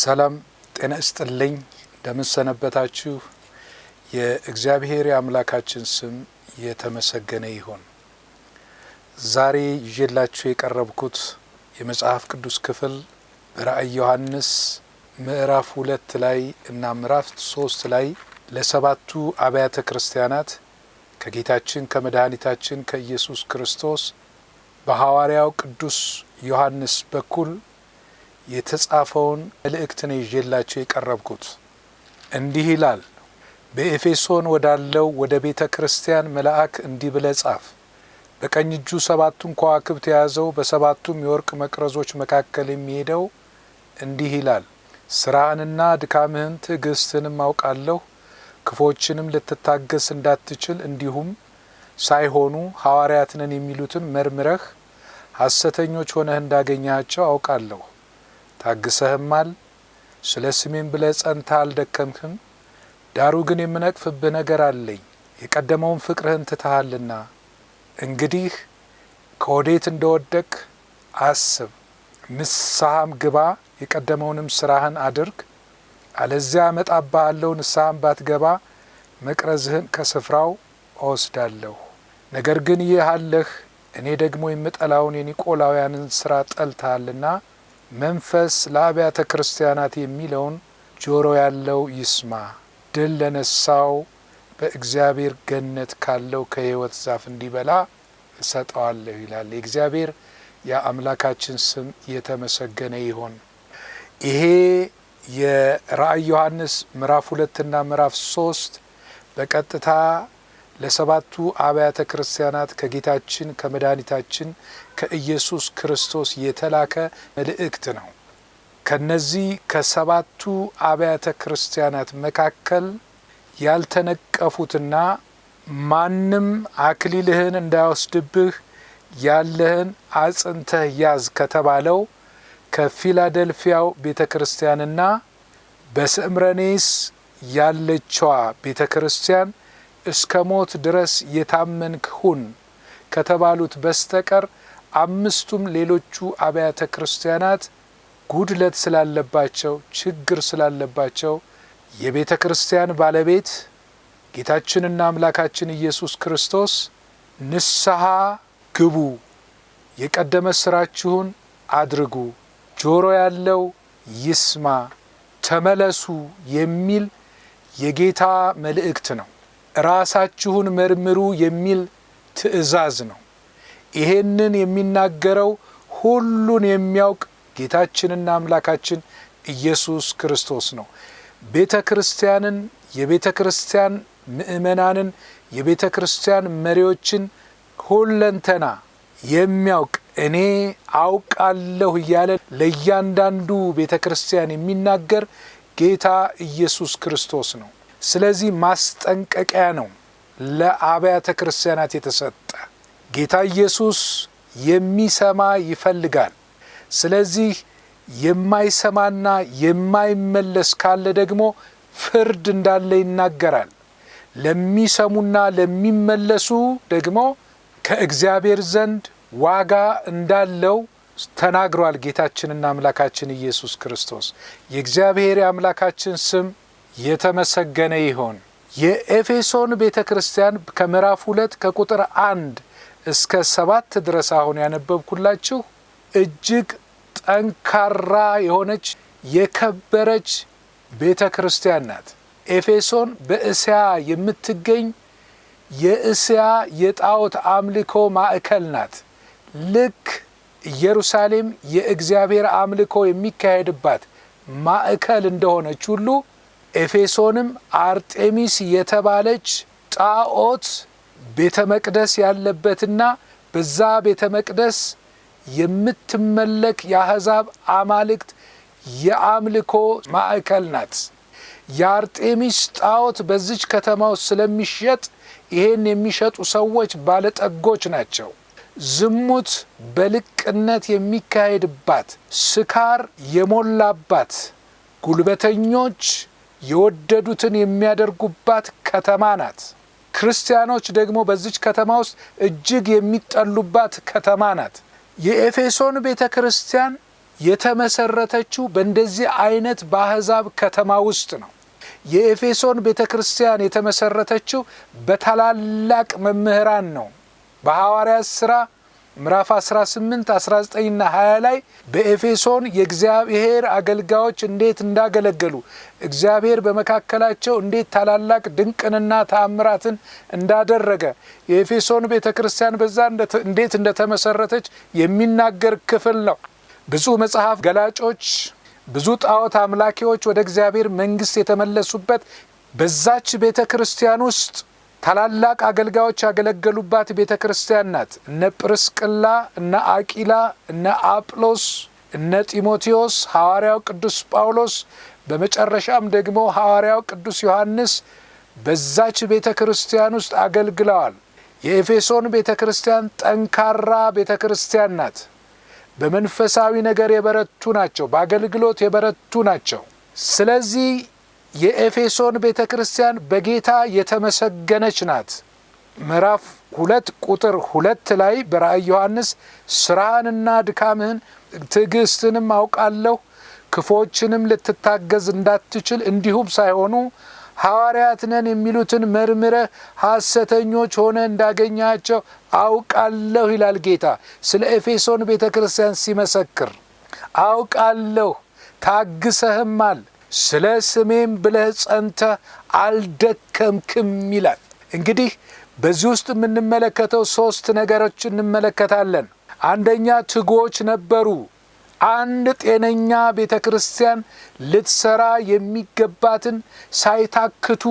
ሰላም ጤና እስጥልኝ። እንደምን የእግዚአብሔር የአምላካችን ስም የተመሰገነ ይሁን። ዛሬ ይዤላችሁ የቀረብኩት የመጽሐፍ ቅዱስ ክፍል በራእይ ዮሐንስ ምዕራፍ ሁለት ላይ እና ምዕራፍ ሶስት ላይ ለሰባቱ አብያተ ክርስቲያናት ከጌታችን ከመድኃኒታችን ከኢየሱስ ክርስቶስ በሐዋርያው ቅዱስ ዮሐንስ በኩል የተጻፈውን መልእክት ይዤላቸው የቀረብኩት። እንዲህ ይላል፣ በኤፌሶን ወዳለው ወደ ቤተ ክርስቲያን መልአክ እንዲህ ብለ ጻፍ። በቀኝ እጁ ሰባቱን ከዋክብት የያዘው በሰባቱም የወርቅ መቅረዞች መካከል የሚሄደው እንዲህ ይላል፣ ስራህንና ድካምህን ትዕግስትንም አውቃለሁ። ክፎችንም ልትታገስ እንዳትችል እንዲሁም ሳይሆኑ ሐዋርያት የሚሉትን መርምረህ ሐሰተኞች ሆነህ እንዳገኛቸው አውቃለሁ። ታግሰህማል፣ ስለ ስሜም ብለ ጸንታ አልደከምህም። ዳሩ ግን የምነቅፍብህ ነገር አለኝ፣ የቀደመውን ፍቅርህን ትተሃልና። እንግዲህ ከወዴት እንደወደቅህ አስብ፣ ንስሐም ግባ፣ የቀደመውንም ስራህን አድርግ። አለዚያ እመጣብሃለሁ፣ ንስሐም ባትገባ መቅረዝህን ከስፍራው እወስዳለሁ። ነገር ግን ይህ አለህ፣ እኔ ደግሞ የምጠላውን የኒቆላውያንን ስራ ጠልተሃልና መንፈስ ለአብያተ ክርስቲያናት የሚለውን ጆሮ ያለው ይስማ። ድል ለነሳው በእግዚአብሔር ገነት ካለው ከሕይወት ዛፍ እንዲበላ እሰጠዋለሁ ይላል። የእግዚአብሔር የአምላካችን ስም የተመሰገነ ይሆን። ይሄ የራእይ ዮሐንስ ምዕራፍ ሁለትና ምዕራፍ ሶስት በቀጥታ ለሰባቱ አብያተ ክርስቲያናት ከጌታችን ከመድኃኒታችን ከኢየሱስ ክርስቶስ የተላከ መልእክት ነው። ከነዚህ ከሰባቱ አብያተ ክርስቲያናት መካከል ያልተነቀፉትና ማንም አክሊልህን እንዳይወስድብህ ያለህን አጽንተህ ያዝ ከተባለው ከፊላደልፊያው ቤተ ክርስቲያንና በሰምረኔስ ያለችዋ ቤተ ክርስቲያን እስከ ሞት ድረስ የታመንክ ሁን ከተባሉት በስተቀር አምስቱም ሌሎቹ አብያተ ክርስቲያናት ጉድለት ስላለባቸው ችግር ስላለባቸው የቤተ ክርስቲያን ባለቤት ጌታችንና አምላካችን ኢየሱስ ክርስቶስ ንስሐ ግቡ፣ የቀደመ ስራችሁን አድርጉ፣ ጆሮ ያለው ይስማ፣ ተመለሱ የሚል የጌታ መልእክት ነው። ራሳችሁን መርምሩ የሚል ትእዛዝ ነው። ይሄንን የሚናገረው ሁሉን የሚያውቅ ጌታችንና አምላካችን ኢየሱስ ክርስቶስ ነው። ቤተ ክርስቲያንን፣ የቤተ ክርስቲያን ምእመናንን፣ የቤተ ክርስቲያን መሪዎችን ሁለንተና የሚያውቅ እኔ አውቃለሁ እያለ ለእያንዳንዱ ቤተ ክርስቲያን የሚናገር ጌታ ኢየሱስ ክርስቶስ ነው። ስለዚህ ማስጠንቀቂያ ነው ለአብያተ ክርስቲያናት የተሰጠ። ጌታ ኢየሱስ የሚሰማ ይፈልጋል። ስለዚህ የማይሰማና የማይመለስ ካለ ደግሞ ፍርድ እንዳለ ይናገራል። ለሚሰሙና ለሚመለሱ ደግሞ ከእግዚአብሔር ዘንድ ዋጋ እንዳለው ተናግሯል። ጌታችንና አምላካችን ኢየሱስ ክርስቶስ የእግዚአብሔር የአምላካችን ስም የተመሰገነ ይሆን። የኤፌሶን ቤተ ክርስቲያን ከምዕራፍ ሁለት ከቁጥር አንድ እስከ ሰባት ድረስ አሁን ያነበብኩላችሁ እጅግ ጠንካራ የሆነች የከበረች ቤተ ክርስቲያን ናት። ኤፌሶን በእስያ የምትገኝ የእስያ የጣዖት አምልኮ ማዕከል ናት። ልክ ኢየሩሳሌም የእግዚአብሔር አምልኮ የሚካሄድባት ማዕከል እንደሆነች ሁሉ ኤፌሶንም አርጤሚስ የተባለች ጣዖት ቤተ መቅደስ ያለበትና በዛ ቤተ መቅደስ የምትመለክ የአሕዛብ አማልክት የአምልኮ ማዕከል ናት። የአርጤሚስ ጣዖት በዚች ከተማ ውስጥ ስለሚሸጥ ይሄን የሚሸጡ ሰዎች ባለጠጎች ናቸው። ዝሙት በልቅነት የሚካሄድባት፣ ስካር የሞላባት፣ ጉልበተኞች የወደዱትን የሚያደርጉባት ከተማ ናት። ክርስቲያኖች ደግሞ በዚች ከተማ ውስጥ እጅግ የሚጠሉባት ከተማ ናት። የኤፌሶን ቤተ ክርስቲያን የተመሰረተችው በእንደዚህ አይነት በአሕዛብ ከተማ ውስጥ ነው። የኤፌሶን ቤተ ክርስቲያን የተመሰረተችው በታላላቅ መምህራን ነው። በሐዋርያት ሥራ ምዕራፍ 18 19ና 20 ላይ በኤፌሶን የእግዚአብሔር አገልጋዮች እንዴት እንዳገለገሉ እግዚአብሔር በመካከላቸው እንዴት ታላላቅ ድንቅንና ተአምራትን እንዳደረገ የኤፌሶን ቤተ ክርስቲያን በዛ እንዴት እንደተመሰረተች የሚናገር ክፍል ነው። ብዙ መጽሐፍ ገላጮች፣ ብዙ ጣዖት አምላኪዎች ወደ እግዚአብሔር መንግስት የተመለሱበት በዛች ቤተ ክርስቲያን ውስጥ ታላላቅ አገልጋዮች ያገለገሉባት ቤተ ክርስቲያን ናት። እነ ጵርስቅላ፣ እነ አቂላ፣ እነ አጵሎስ፣ እነ ጢሞቴዎስ፣ ሐዋርያው ቅዱስ ጳውሎስ፣ በመጨረሻም ደግሞ ሐዋርያው ቅዱስ ዮሐንስ በዛች ቤተ ክርስቲያን ውስጥ አገልግለዋል። የኤፌሶን ቤተ ክርስቲያን ጠንካራ ቤተ ክርስቲያን ናት። በመንፈሳዊ ነገር የበረቱ ናቸው። በአገልግሎት የበረቱ ናቸው። ስለዚህ የኤፌሶን ቤተ ክርስቲያን በጌታ የተመሰገነች ናት። ምዕራፍ ሁለት ቁጥር ሁለት ላይ በራእይ ዮሐንስ ስራህንና ድካምህን ትዕግስትንም አውቃለሁ ክፎችንም ልትታገዝ እንዳትችል እንዲሁም ሳይሆኑ ሐዋርያት ነን የሚሉትን መርምረ ሐሰተኞች ሆነ እንዳገኛቸው አውቃለሁ ይላል ጌታ ስለ ኤፌሶን ቤተ ክርስቲያን ሲመሰክር አውቃለሁ ታግሰህማል ስለ ስሜም ብለህ ጸንተህ አልደከምክም ይላል። እንግዲህ በዚህ ውስጥ የምንመለከተው ሶስት ነገሮች እንመለከታለን። አንደኛ ትጉዎች ነበሩ። አንድ ጤነኛ ቤተ ክርስቲያን ልትሰራ የሚገባትን ሳይታክቱ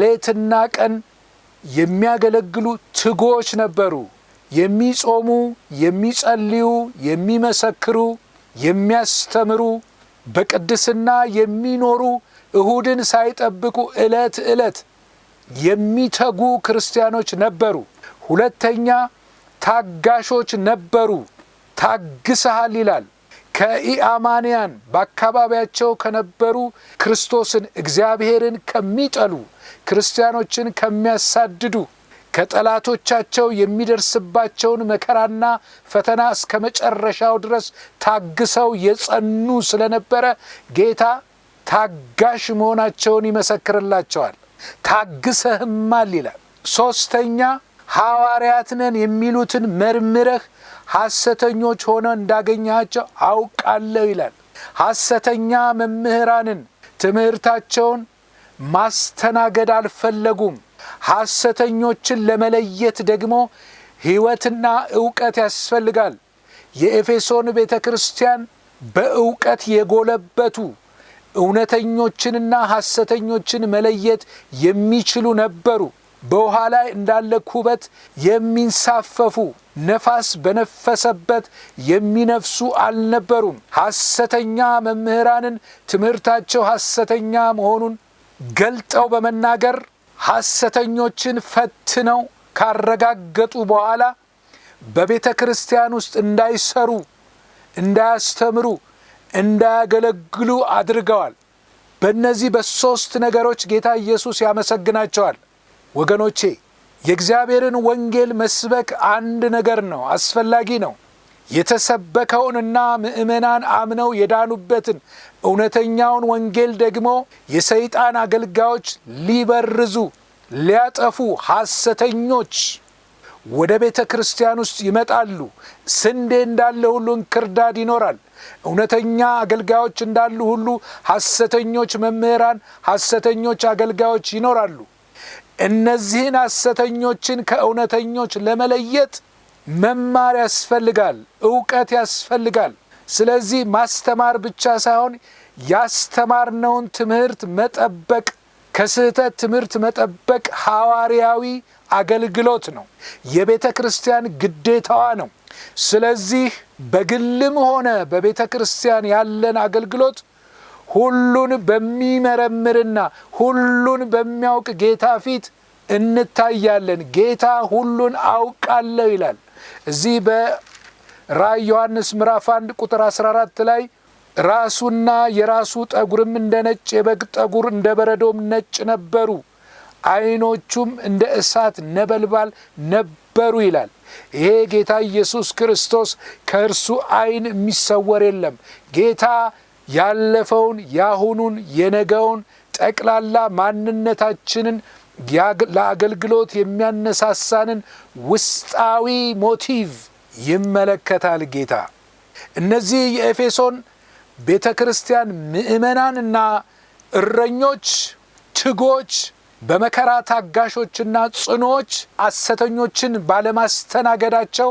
ሌትና ቀን የሚያገለግሉ ትጉዎች ነበሩ። የሚጾሙ፣ የሚጸልዩ፣ የሚመሰክሩ፣ የሚያስተምሩ በቅድስና የሚኖሩ እሁድን ሳይጠብቁ ዕለት ዕለት የሚተጉ ክርስቲያኖች ነበሩ። ሁለተኛ ታጋሾች ነበሩ። ታግሰሃል ይላል። ከኢአማንያን በአካባቢያቸው ከነበሩ ክርስቶስን፣ እግዚአብሔርን ከሚጠሉ ክርስቲያኖችን ከሚያሳድዱ ከጠላቶቻቸው የሚደርስባቸውን መከራና ፈተና እስከ መጨረሻው ድረስ ታግሰው የጸኑ ስለነበረ ጌታ ታጋሽ መሆናቸውን ይመሰክርላቸዋል። ታግሰህማል ይላል። ሶስተኛ ሐዋርያት ነን የሚሉትን መርምረህ ሐሰተኞች ሆነ እንዳገኘሃቸው አውቃለሁ ይላል። ሐሰተኛ መምህራንን ትምህርታቸውን ማስተናገድ አልፈለጉም። ሐሰተኞችን ለመለየት ደግሞ ሕይወትና ዕውቀት ያስፈልጋል። የኤፌሶን ቤተ ክርስቲያን በእውቀት የጎለበቱ እውነተኞችንና ሐሰተኞችን መለየት የሚችሉ ነበሩ። በውኃ ላይ እንዳለ ኩበት የሚንሳፈፉ ነፋስ በነፈሰበት የሚነፍሱ አልነበሩም። ሐሰተኛ መምህራንን ትምህርታቸው ሐሰተኛ መሆኑን ገልጠው በመናገር ሐሰተኞችን ፈትነው ካረጋገጡ በኋላ በቤተ ክርስቲያን ውስጥ እንዳይሰሩ፣ እንዳያስተምሩ፣ እንዳያገለግሉ አድርገዋል። በእነዚህ በሦስት ነገሮች ጌታ ኢየሱስ ያመሰግናቸዋል። ወገኖቼ የእግዚአብሔርን ወንጌል መስበክ አንድ ነገር ነው፣ አስፈላጊ ነው። የተሰበከውንና ምእመናን አምነው የዳኑበትን እውነተኛውን ወንጌል ደግሞ የሰይጣን አገልጋዮች ሊበርዙ ሊያጠፉ ሐሰተኞች ወደ ቤተ ክርስቲያን ውስጥ ይመጣሉ። ስንዴ እንዳለ ሁሉ እንክርዳድ ይኖራል። እውነተኛ አገልጋዮች እንዳሉ ሁሉ ሐሰተኞች መምህራን፣ ሐሰተኞች አገልጋዮች ይኖራሉ። እነዚህን ሐሰተኞችን ከእውነተኞች ለመለየት መማር ያስፈልጋል፣ እውቀት ያስፈልጋል። ስለዚህ ማስተማር ብቻ ሳይሆን ያስተማርነውን ትምህርት መጠበቅ፣ ከስህተት ትምህርት መጠበቅ ሐዋርያዊ አገልግሎት ነው፣ የቤተ ክርስቲያን ግዴታዋ ነው። ስለዚህ በግልም ሆነ በቤተ ክርስቲያን ያለን አገልግሎት ሁሉን በሚመረምርና ሁሉን በሚያውቅ ጌታ ፊት እንታያለን። ጌታ ሁሉን አውቃለሁ ይላል። እዚህ በራእይ ዮሐንስ ምዕራፍ 1 ቁጥር 14 ላይ ራሱና የራሱ ጠጉርም እንደ ነጭ የበግ ጠጉር እንደ በረዶም ነጭ ነበሩ፣ ዓይኖቹም እንደ እሳት ነበልባል ነበሩ ይላል። ይሄ ጌታ ኢየሱስ ክርስቶስ ከእርሱ ዓይን የሚሰወር የለም። ጌታ ያለፈውን፣ ያሁኑን፣ የነገውን ጠቅላላ ማንነታችንን ለአገልግሎት የሚያነሳሳንን ውስጣዊ ሞቲቭ ይመለከታል ጌታ። እነዚህ የኤፌሶን ቤተ ክርስቲያን ምእመናንና እረኞች፣ ትጎች፣ በመከራ ታጋሾችና ጽኖዎች አሰተኞችን ባለማስተናገዳቸው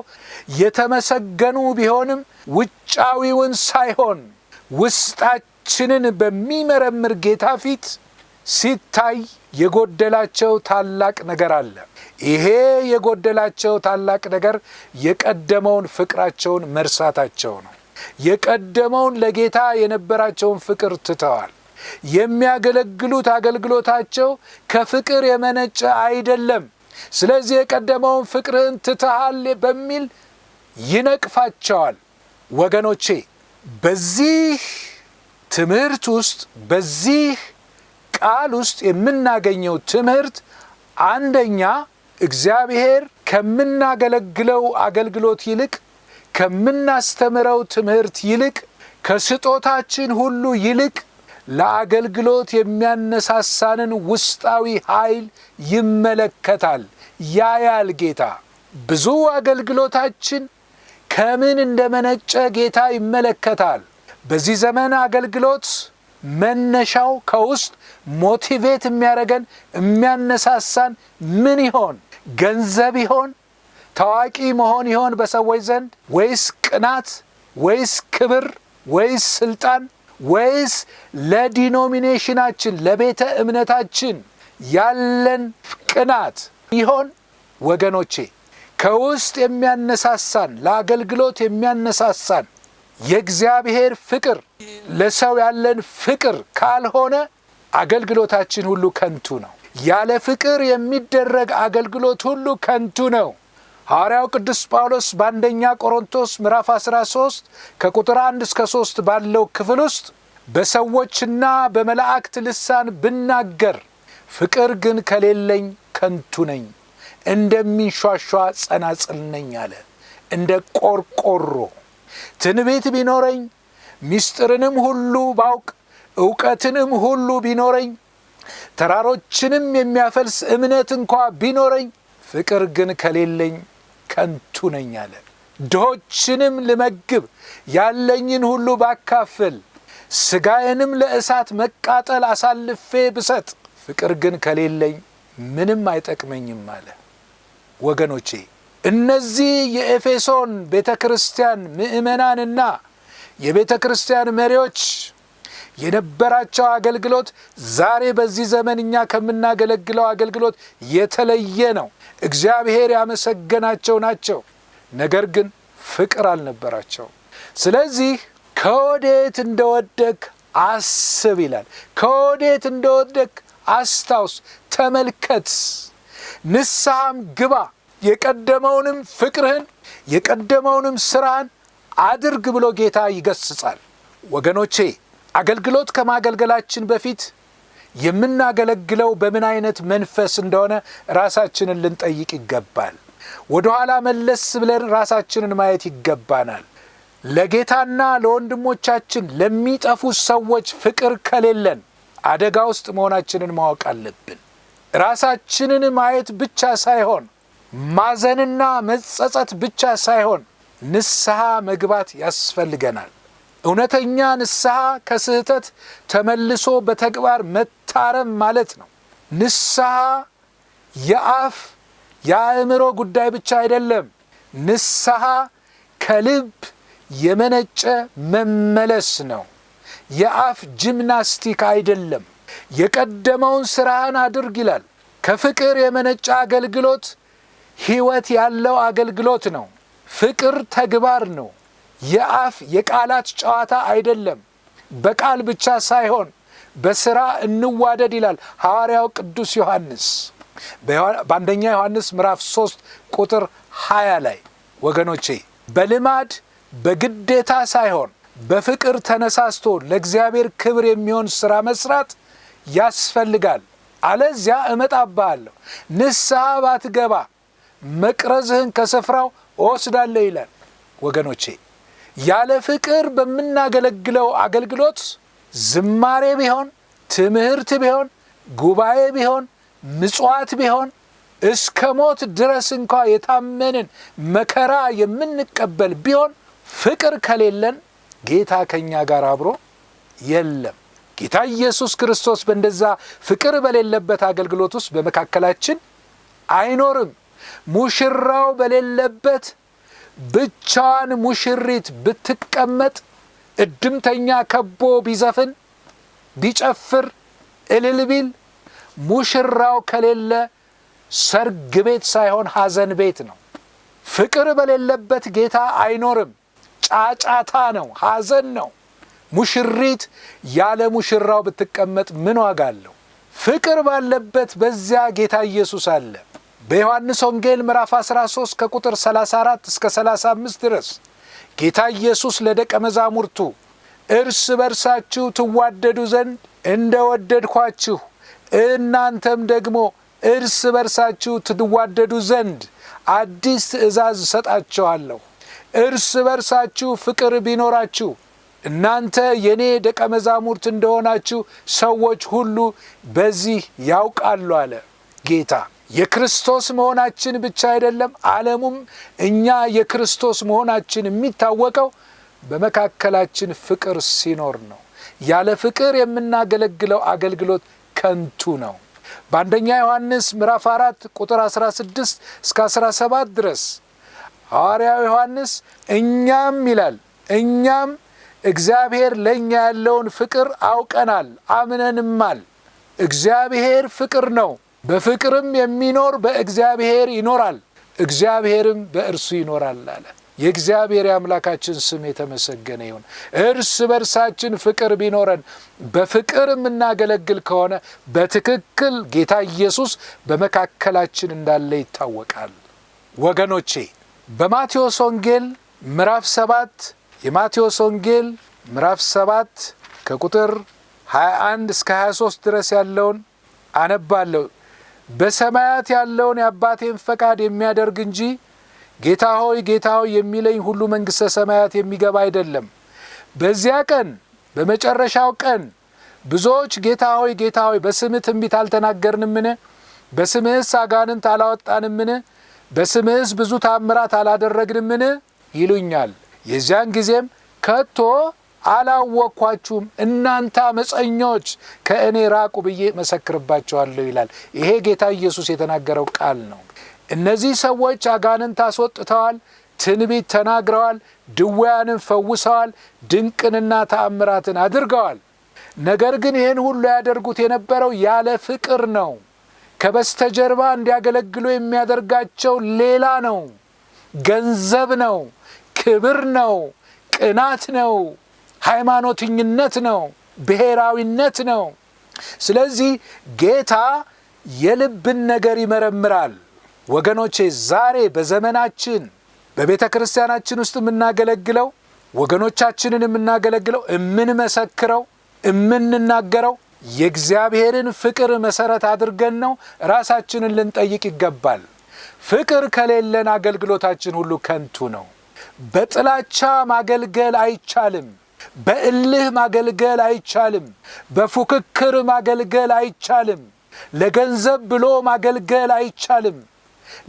የተመሰገኑ ቢሆንም ውጫዊውን ሳይሆን ውስጣችንን በሚመረምር ጌታ ፊት ሲታይ የጎደላቸው ታላቅ ነገር አለ። ይሄ የጎደላቸው ታላቅ ነገር የቀደመውን ፍቅራቸውን መርሳታቸው ነው። የቀደመውን ለጌታ የነበራቸውን ፍቅር ትተዋል። የሚያገለግሉት አገልግሎታቸው ከፍቅር የመነጨ አይደለም። ስለዚህ የቀደመውን ፍቅርህን ትተሃል በሚል ይነቅፋቸዋል። ወገኖቼ በዚህ ትምህርት ውስጥ በዚህ ቃል ውስጥ የምናገኘው ትምህርት አንደኛ እግዚአብሔር ከምናገለግለው አገልግሎት ይልቅ ከምናስተምረው ትምህርት ይልቅ ከስጦታችን ሁሉ ይልቅ ለአገልግሎት የሚያነሳሳንን ውስጣዊ ኃይል ይመለከታል፣ ያያል። ጌታ ብዙ አገልግሎታችን ከምን እንደመነጨ ጌታ ይመለከታል። በዚህ ዘመን አገልግሎት መነሻው ከውስጥ ሞቲቬት የሚያደርገን የሚያነሳሳን ምን ይሆን? ገንዘብ ይሆን? ታዋቂ መሆን ይሆን በሰዎች ዘንድ? ወይስ ቅናት? ወይስ ክብር? ወይስ ስልጣን? ወይስ ለዲኖሚኔሽናችን ለቤተ እምነታችን ያለን ቅናት ይሆን? ወገኖቼ ከውስጥ የሚያነሳሳን ለአገልግሎት የሚያነሳሳን የእግዚአብሔር ፍቅር ለሰው ያለን ፍቅር ካልሆነ አገልግሎታችን ሁሉ ከንቱ ነው። ያለ ፍቅር የሚደረግ አገልግሎት ሁሉ ከንቱ ነው። ሐዋርያው ቅዱስ ጳውሎስ በአንደኛ ቆሮንቶስ ምዕራፍ 13 ከቁጥር 1 እስከ 3 ባለው ክፍል ውስጥ በሰዎችና በመላእክት ልሳን ብናገር ፍቅር ግን ከሌለኝ ከንቱ ነኝ፣ እንደሚንሿሿ ጸናጽል ነኝ አለ እንደ ቆርቆሮ ትንቢት ቢኖረኝ ምስጢርንም ሁሉ ባውቅ እውቀትንም ሁሉ ቢኖረኝ ተራሮችንም የሚያፈልስ እምነት እንኳ ቢኖረኝ ፍቅር ግን ከሌለኝ ከንቱ ነኝ አለ። ድሆችንም ልመግብ ያለኝን ሁሉ ባካፍል ስጋዬንም ለእሳት መቃጠል አሳልፌ ብሰጥ ፍቅር ግን ከሌለኝ ምንም አይጠቅመኝም አለ። ወገኖቼ እነዚህ የኤፌሶን ቤተ ክርስቲያን ምእመናንና የቤተ ክርስቲያን መሪዎች የነበራቸው አገልግሎት ዛሬ በዚህ ዘመን እኛ ከምናገለግለው አገልግሎት የተለየ ነው። እግዚአብሔር ያመሰገናቸው ናቸው። ነገር ግን ፍቅር አልነበራቸው። ስለዚህ ከወዴት እንደወደክ አስብ ይላል። ከወዴት እንደወደክ አስታውስ፣ ተመልከት፣ ንስሐም ግባ የቀደመውንም ፍቅርህን የቀደመውንም ስራን አድርግ ብሎ ጌታ ይገስጻል። ወገኖቼ አገልግሎት ከማገልገላችን በፊት የምናገለግለው በምን አይነት መንፈስ እንደሆነ ራሳችንን ልንጠይቅ ይገባል። ወደ ኋላ መለስ ብለን ራሳችንን ማየት ይገባናል። ለጌታና ለወንድሞቻችን ለሚጠፉ ሰዎች ፍቅር ከሌለን አደጋ ውስጥ መሆናችንን ማወቅ አለብን። ራሳችንን ማየት ብቻ ሳይሆን ማዘንና መጸጸት ብቻ ሳይሆን ንስሐ መግባት ያስፈልገናል። እውነተኛ ንስሐ ከስህተት ተመልሶ በተግባር መታረም ማለት ነው። ንስሐ የአፍ የአእምሮ ጉዳይ ብቻ አይደለም። ንስሐ ከልብ የመነጨ መመለስ ነው። የአፍ ጂምናስቲክ አይደለም። የቀደመውን ስራህን አድርግ ይላል። ከፍቅር የመነጨ አገልግሎት ሕይወት ያለው አገልግሎት ነው። ፍቅር ተግባር ነው። የአፍ የቃላት ጨዋታ አይደለም። በቃል ብቻ ሳይሆን በስራ እንዋደድ ይላል ሐዋርያው ቅዱስ ዮሐንስ በአንደኛ ዮሐንስ ምዕራፍ 3 ቁጥር 20 ላይ ወገኖቼ በልማድ በግዴታ ሳይሆን በፍቅር ተነሳስቶ ለእግዚአብሔር ክብር የሚሆን ሥራ መስራት ያስፈልጋል። አለዚያ እመጣብሃለሁ፣ ንስሐ ባትገባ መቅረዝህን ከስፍራው እወስዳለሁ ይላል። ወገኖቼ ያለ ፍቅር በምናገለግለው አገልግሎት ዝማሬ ቢሆን፣ ትምህርት ቢሆን፣ ጉባኤ ቢሆን፣ ምጽዋት ቢሆን እስከ ሞት ድረስ እንኳ የታመንን መከራ የምንቀበል ቢሆን ፍቅር ከሌለን ጌታ ከእኛ ጋር አብሮ የለም። ጌታ ኢየሱስ ክርስቶስ በእንደዛ ፍቅር በሌለበት አገልግሎት ውስጥ በመካከላችን አይኖርም። ሙሽራው በሌለበት ብቻዋን ሙሽሪት ብትቀመጥ እድምተኛ ከቦ ቢዘፍን ቢጨፍር እልል ቢል ሙሽራው ከሌለ ሰርግ ቤት ሳይሆን ሐዘን ቤት ነው። ፍቅር በሌለበት ጌታ አይኖርም። ጫጫታ ነው፣ ሐዘን ነው። ሙሽሪት ያለ ሙሽራው ብትቀመጥ ምን ዋጋ አለው? ፍቅር ባለበት በዚያ ጌታ ኢየሱስ አለ። በዮሐንስ ወንጌል ምዕራፍ 13 ከቁጥር 34 እስከ 35 ድረስ ጌታ ኢየሱስ ለደቀ መዛሙርቱ እርስ በርሳችሁ ትዋደዱ ዘንድ እንደ ወደድኳችሁ እናንተም ደግሞ እርስ በርሳችሁ ትዋደዱ ዘንድ አዲስ ትእዛዝ እሰጣችኋለሁ። እርስ በርሳችሁ ፍቅር ቢኖራችሁ እናንተ የእኔ ደቀ መዛሙርት እንደሆናችሁ ሰዎች ሁሉ በዚህ ያውቃሉ አለ ጌታ። የክርስቶስ መሆናችን ብቻ አይደለም፣ ዓለሙም እኛ የክርስቶስ መሆናችን የሚታወቀው በመካከላችን ፍቅር ሲኖር ነው። ያለ ፍቅር የምናገለግለው አገልግሎት ከንቱ ነው። በአንደኛ ዮሐንስ ምዕራፍ 4 ቁጥር 16 እስከ 17 ድረስ ሐዋርያው ዮሐንስ እኛም ይላል እኛም እግዚአብሔር ለእኛ ያለውን ፍቅር አውቀናል፣ አምነንማል። እግዚአብሔር ፍቅር ነው። በፍቅርም የሚኖር በእግዚአብሔር ይኖራል፣ እግዚአብሔርም በእርሱ ይኖራል አለ። የእግዚአብሔር የአምላካችን ስም የተመሰገነ ይሁን። እርስ በርሳችን ፍቅር ቢኖረን በፍቅር የምናገለግል ከሆነ በትክክል ጌታ ኢየሱስ በመካከላችን እንዳለ ይታወቃል። ወገኖቼ በማቴዎስ ወንጌል ምዕራፍ ሰባት የማቴዎስ ወንጌል ምዕራፍ ሰባት ከቁጥር 21 እስከ 23 ድረስ ያለውን አነባለሁ። በሰማያት ያለውን የአባቴን ፈቃድ የሚያደርግ እንጂ ጌታ ሆይ ጌታ ሆይ የሚለኝ ሁሉ መንግሥተ ሰማያት የሚገባ አይደለም። በዚያ ቀን በመጨረሻው ቀን ብዙዎች ጌታ ሆይ ጌታ ሆይ በስምህ ትንቢት አልተናገርንምን? በስምህስ አጋንንት አላወጣንምን? በስምህስ ብዙ ታምራት አላደረግንምን? ይሉኛል። የዚያን ጊዜም ከቶ አላወቅኳችሁም እናንተ አመፀኞች ከእኔ ራቁ ብዬ መሰክርባቸዋለሁ ይላል። ይሄ ጌታ ኢየሱስ የተናገረው ቃል ነው። እነዚህ ሰዎች አጋንንት አስወጥተዋል፣ ትንቢት ተናግረዋል፣ ድውያንን ፈውሰዋል፣ ድንቅንና ተአምራትን አድርገዋል። ነገር ግን ይህን ሁሉ ያደርጉት የነበረው ያለ ፍቅር ነው። ከበስተጀርባ እንዲያገለግሉ የሚያደርጋቸው ሌላ ነው፣ ገንዘብ ነው፣ ክብር ነው፣ ቅናት ነው። ሃይማኖትኝነት ነው፣ ብሔራዊነት ነው። ስለዚህ ጌታ የልብን ነገር ይመረምራል። ወገኖቼ ዛሬ በዘመናችን በቤተ ክርስቲያናችን ውስጥ የምናገለግለው ወገኖቻችንን የምናገለግለው የምንመሰክረው የምንናገረው የእግዚአብሔርን ፍቅር መሰረት አድርገን ነው። ራሳችንን ልንጠይቅ ይገባል። ፍቅር ከሌለን አገልግሎታችን ሁሉ ከንቱ ነው። በጥላቻ ማገልገል አይቻልም። በእልህ ማገልገል አይቻልም። በፉክክር ማገልገል አይቻልም። ለገንዘብ ብሎ ማገልገል አይቻልም።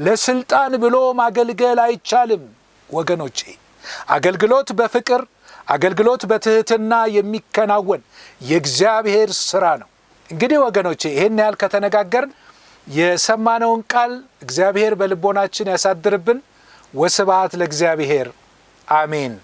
ለስልጣን ብሎ ማገልገል አይቻልም። ወገኖቼ አገልግሎት በፍቅር አገልግሎት በትህትና የሚከናወን የእግዚአብሔር ሥራ ነው። እንግዲህ ወገኖቼ ይህን ያህል ከተነጋገርን የሰማነውን ቃል እግዚአብሔር በልቦናችን ያሳድርብን። ወስብሐት ለእግዚአብሔር አሜን።